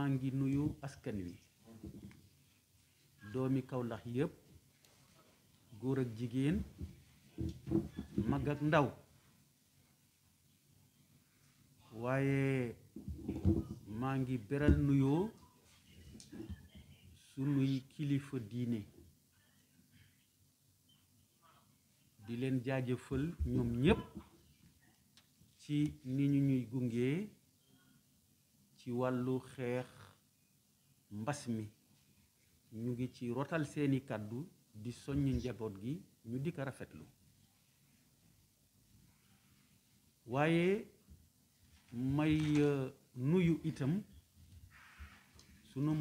maa ngi nuyu askan wi doomi lax yépp góor ak jigéen mag ak ndaw waaye maa ngi beral nuyoo sunuy kilifa diine di leen jaajëfal ñoom ñépp ci ni ñu ñuy gungee ci walu xex mbas mi ñu ngi ci rotal seeni kadu di soññ njabot gi ñu di ka rafetlu waaye may euh, nuyu itam sunu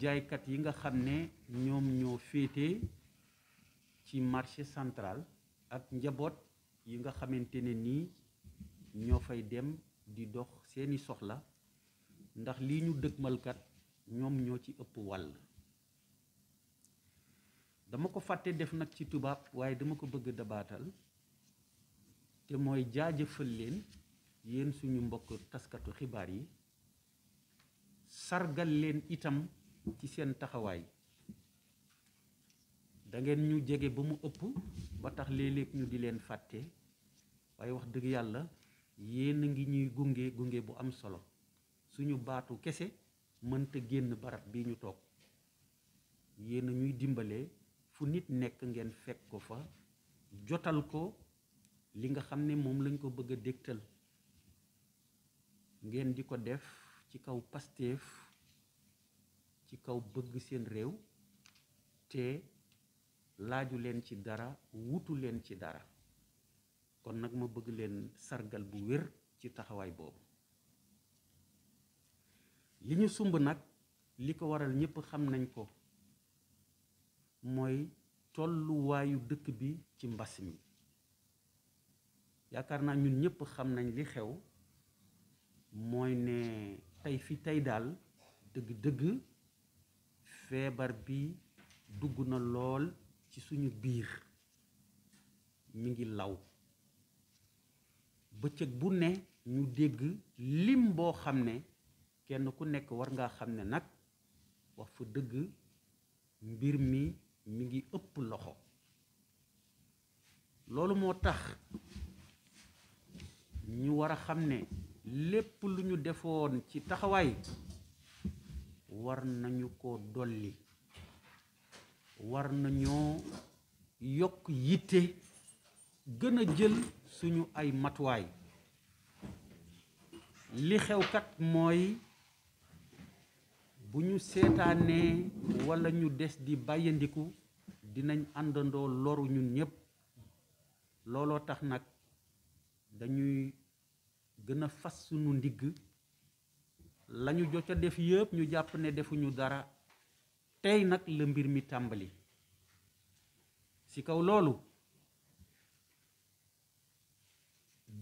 jaay kat yi nga xamne ñom ñoo fété ci marché central ak njabot yi nga xamantene ni nii ñoo fay dem di dox seeni soxla ndax lii ñu malkat ñoom ñoo ci ëpp wàll dama ko fàtte def nag ci tubaab waaye dama ko bëgg dabaatal te mooy jaajëfal leen yéen suñu mbokk taskatu xibaar yi sargal leen itam ci seen taxawaay dangeen ñu jege ba mu ëpp ba tax léeg ñu di leen fàtte waaye wax dëgg yàlla yéen ngi ñuy gunge gunge bu am solo suñu baatu kese mënta génn barab bi ñu toog yéen ñuy dimbalee fu nit nekk ngeen fekk ko fa jotal ko li nga xam ne moom lañ ko bëgg a dégtal ngeen di ko def ci kaw pasteef ci kaw bëgg seen réew te laaju leen ci dara wutu leen ci dara kon nag ma bëgg leen sargal bu wér ci taxawaay boobu li ñu sumb nag li ko waral ñëpp xam nañ ko mooy tolluwaayu dëkk bi ci mbas mi yaakaar naa ñun ñëpp xam nañ li xew mooy ne tey fi tey daal dëgg-dëgg feebar bi dugg na lool ci suñu biir mi ngi law bëccëg bu ne ñu dégg lim boo xam ne kenn ku nekk war ngaa xam ne nag wax fa dëgg mbir mi mi ngi ëpp loxo loolu moo tax ñu war a xam ne lépp lu ñu defoon ci taxawaay war nañu ko dolli war nañoo yokk yitte gën a jël suñu ay matuwaay li xew mooy bu ñu seetaanee walla ñu des di bàyyandiku dinañ àndandoo loru ñun ñépp looloo tax nag dañuy gën a fas sunu ndigg lañu jot a def yépp ñu jàpp ne defuñu dara tey nag la mbir mi tàmbali ci kaw loolu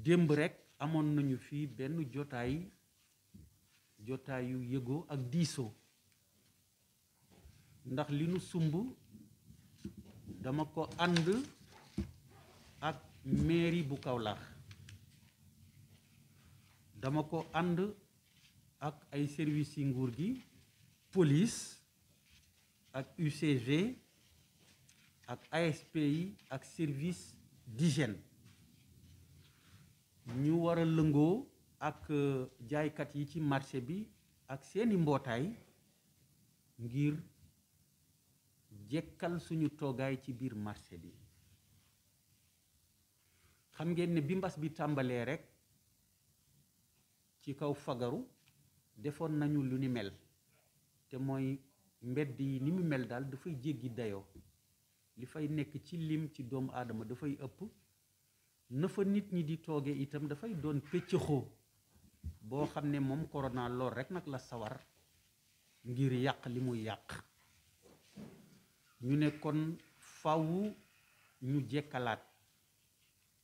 démb rekk amoon nañu fii benn jotaay jotaayu yëgoo ak diisoo ndax li nu sumbu dama ko and ak meri bu kaolax dama ko and ak ay service nguur gi police ak UCG ak ASPI, ak service d'hygiène ñu wara lengo ak euh, ak kat yi ci marché bi ak seeni mbotay ngir jekkal suñu toogaay ci biir marché bi xam ngeen ne bi mbas bi tàmbalee rekk ci kaw fagaru defoon nañu lu ni mel te mooy mbedd yi ni mu mel daal dafay jéggi dayoo li fay nekk ci lim ci doomu aadama dafay ëpp na fa nit ñi di toogee itam dafay doon pëccëxoo boo xam ne moom corona lool rekk nag la sawar ngir yàq li muy yàq ñu ne kon faw ñu jekkalaat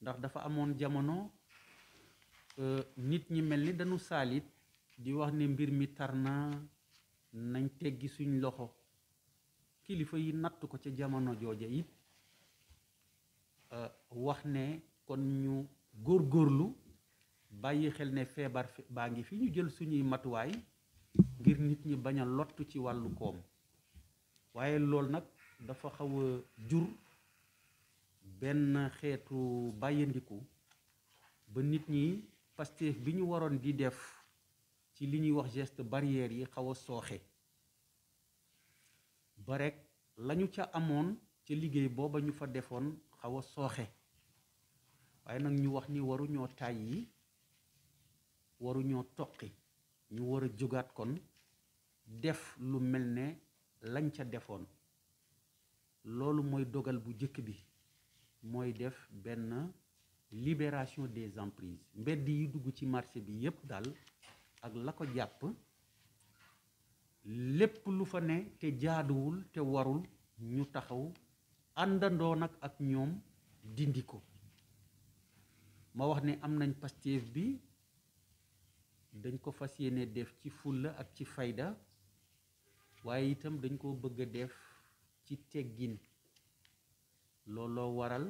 ndax dafa amoon jamono euh, nit ñi mel ni dañu saalit di wax ne mbir mi tar na nañ teggi suñ loxo kilifa yi natt ko ca jamono jooja it euh, wax ne kon ñu góorgóorlu bàyyi xel ne feebar baa ngi fi ñu jël suñuy matuwaay ngir nit ñi bañ a ci wàllu koom waaye nag dafa xaw jur ben xeetu bayandiku ba nit ñi Pastef bi ñu waroon di def ci li ñuy wax geste barrière yi xaw a sooxe ba rek lañu ca amoon ca liggéey booba ñu fa defoon xaw a sooxe waaye ñu wax ni waruñoo tàyyi waruñoo toqi ñu war a kon def lu mel ne lañ ca defoon loolu mooy dogal bu njëkk bi mooy def benn libération des emprises mbedd yi dugg ci marché bi yépp daal ak la ko jàpp lépp lu fa ne te jaaduwul te warul ñu taxaw àndandoo nag ak ñoom dindi ko ma wax ne am nañ Pastef bi dañ ko fa yéene def ci fulla ak ci fayda waaye itam dañ koo bëgg a def ci teggin looloo waral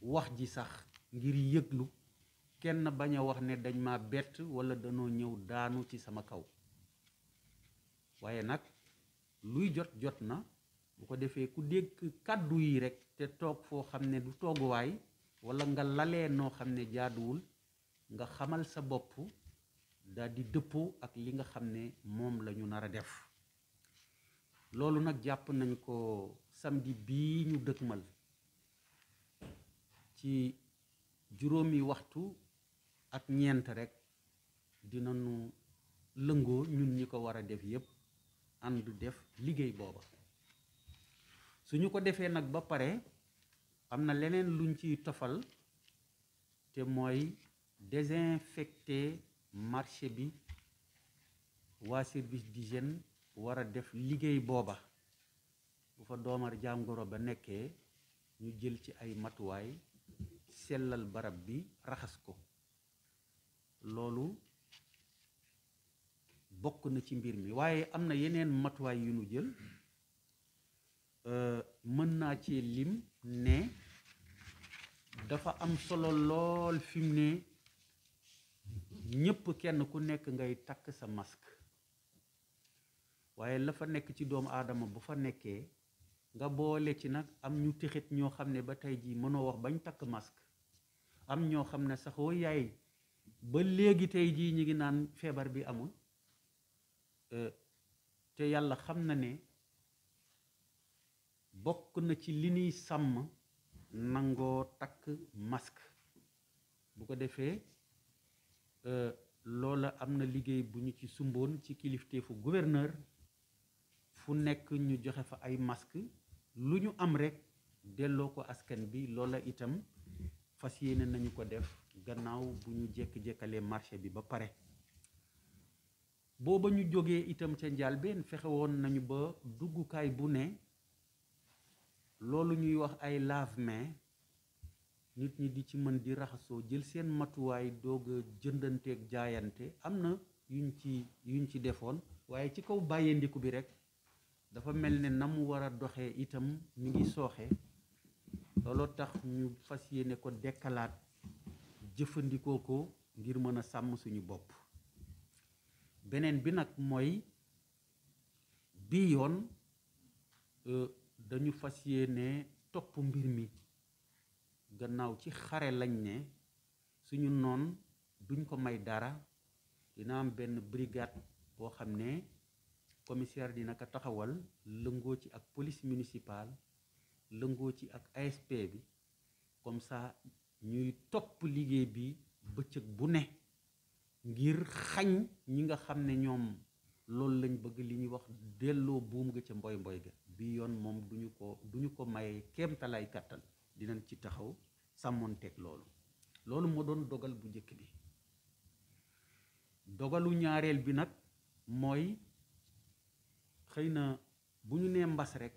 wax ji sax ngir yëglu kenn bañ a wax ne dañ ma bett walla danoo ñëw daanu ci sama kaw waaye nag luy jot jot na bu ko defee ku dégg kàddu yi rekk te toog foo xam ne du tooguwaay walla nga lalee noo xam ne jaaduwul nga xamal sa bopp daldi dëppoo ak li nga xam ne moom lañu nar a def loolu nag jàpp nañ ko samedi bii ñu dëkkmal ci juróomi waxtu ak ñeent rek dinañu lëngoo ñun ñi ko war a def yépp ànd def liggéey booba su ñu ko defee nag ba pare am na leneen luñ ciy tofal te mooy désinfecter marché bi waa service d'hygiène war a def liggéey booba bu fa doomar jàngoro ba nekkee ñu jël ci ay matuwaay sellal barab bi raxas ko loolu bokk na ci mbir mi waaye am na yeneen matuwaay yu nu jël euh, mën naa ci lim ne dafa am solo lool fim mu ne ñépp kenn ku nekk ngay takk sa mask waaye la fa nekk ci doomu aadama bu fa nekkee nga boole ci nag am ñu tixit ñoo xam ne ba tey jii mënoo wax bañ takk masque am ñoo xam ne sax woo yaay ba léegi tey jii ñu ngi naan feebar bi amul euh, te yàlla xam na ne bokk na ci li ñuy sàmm nangoo takk mask bu ko defee euh, loola am na liggéey bu ñu ci sumboon ci kilifteefu gouverneur fu nekk ñu joxe fa ay masque lu ñu am rek delloo ko askan bi loola itam fas yéene nañu ko def gannaaw bu ñu jékki-jékkalee marché bi ba pare booba ñu jógee itam ca njàlbeen fexe woon nañu ba duggukaay bu ne loolu ñuy wax ay lave nit ñi di ci mën di raxasoo jël seen matuwaay doog a jëndanteeg jaayante am na yuñ ci yuñ ci defoon waaye ci kaw bàyyeendiku bi rek dafa mel ne na mu war a doxee itam mi ngi sooxe looloo tax ñu fas yéene ko dekkalaat jëfandikoo ko ngir mën a sàmm suñu bopp beneen bi nag mooy bi yoon e, dañu fas yéene topp mbir mi gannaaw ci xare lañ ne suñu noon duñ ko may dara dina am benn brigade boo xam ne commissaire dina ka taxawal lëngoo ci ak police municipale lëngoo ci ak asp bi comme ça ñuy top liguey bi bëccëg bu ne ngir xagn ñi nga xamne ñom lool lañ bëgg li ñuy wax dello boom ga ci mboy mboy ga bi yoon mom duñu ko duñu ko maye talay katan dinañ ci taxaw sàmmonteeg lool lool mo doon dogal bu jëk bi dogalu ñaareel bi nak moy xëy na bu ñu ne mbas rek